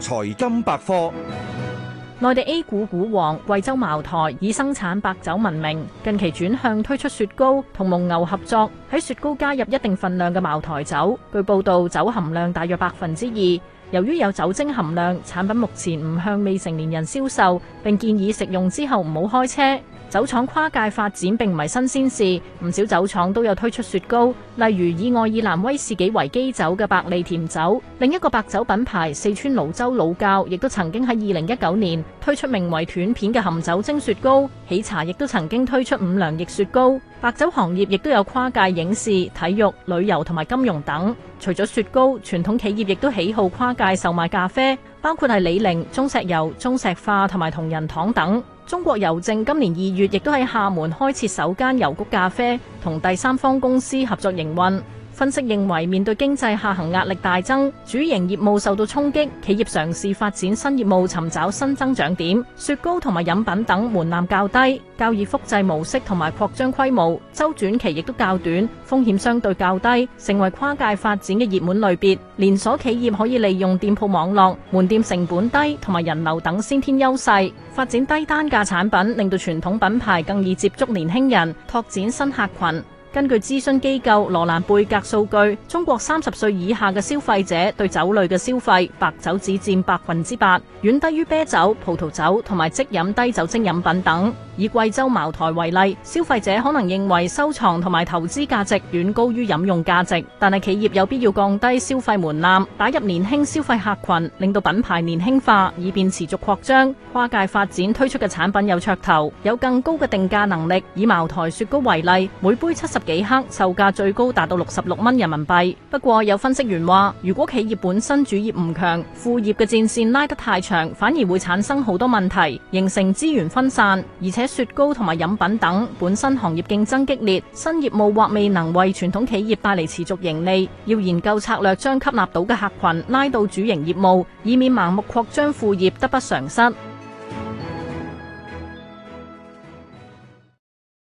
財金百科，內地 A 股股王貴州茅台以生產白酒聞名，近期轉向推出雪糕，同蒙牛合作，喺雪糕加入一定份量嘅茅台酒，據報道酒含量大約百分之二。由於有酒精含量，產品目前唔向未成年人銷售，並建議食用之後唔好開車。酒廠跨界發展並唔係新鮮事，唔少酒廠都有推出雪糕，例如以愛爾蘭威士忌為基酒嘅百利甜酒，另一個白酒品牌四川瀘州老窖亦都曾經喺二零一九年推出名為《斷片》嘅含酒精雪糕，喜茶亦都曾經推出五糧液雪糕，白酒行業亦都有跨界影視、體育、旅遊同埋金融等。除咗雪糕，傳統企業亦都喜好跨界售賣咖啡。包括係李寧、中石油、中石化同埋同仁堂等。中國郵政今年二月亦都喺廈門開設首間郵局咖啡，同第三方公司合作營運。分析認為，面對經濟下行壓力大增，主營業務受到衝擊，企業嘗試發展新業務，尋找新增長點。雪糕同埋飲品等門檻較低，較易複製模式同埋擴張規模，周轉期亦都較短，風險相對較低，成為跨界發展嘅熱門類別。連鎖企業可以利用店鋪網絡、門店成本低同埋人流等先天優勢，發展低單價產品，令到傳統品牌更易接觸年輕人，拓展新客群。根據諮詢機構羅蘭貝格數據，中國三十歲以下嘅消費者對酒類嘅消費，白酒只佔百分之八，遠低於啤酒、葡萄酒同埋即飲低酒精飲品等。以貴州茅台為例，消費者可能認為收藏同埋投資價值遠高於飲用價值，但係企業有必要降低消費門檻，打入年輕消費客群，令到品牌年輕化，以便持續擴張、跨界發展。推出嘅產品有噱頭，有更高嘅定價能力。以茅台雪糕為例，每杯七十幾克，售價最高達到六十六蚊人民幣。不過有分析員話，如果企業本身主業唔強，副業嘅戰綫拉得太長，反而會產生好多問題，形成資源分散，而且。雪糕同埋飲品等本身行業競爭激烈，新業務或未能為傳統企業帶嚟持續盈利，要研究策略將吸納到嘅客群拉到主營業務，以免盲目擴張副業得不償失。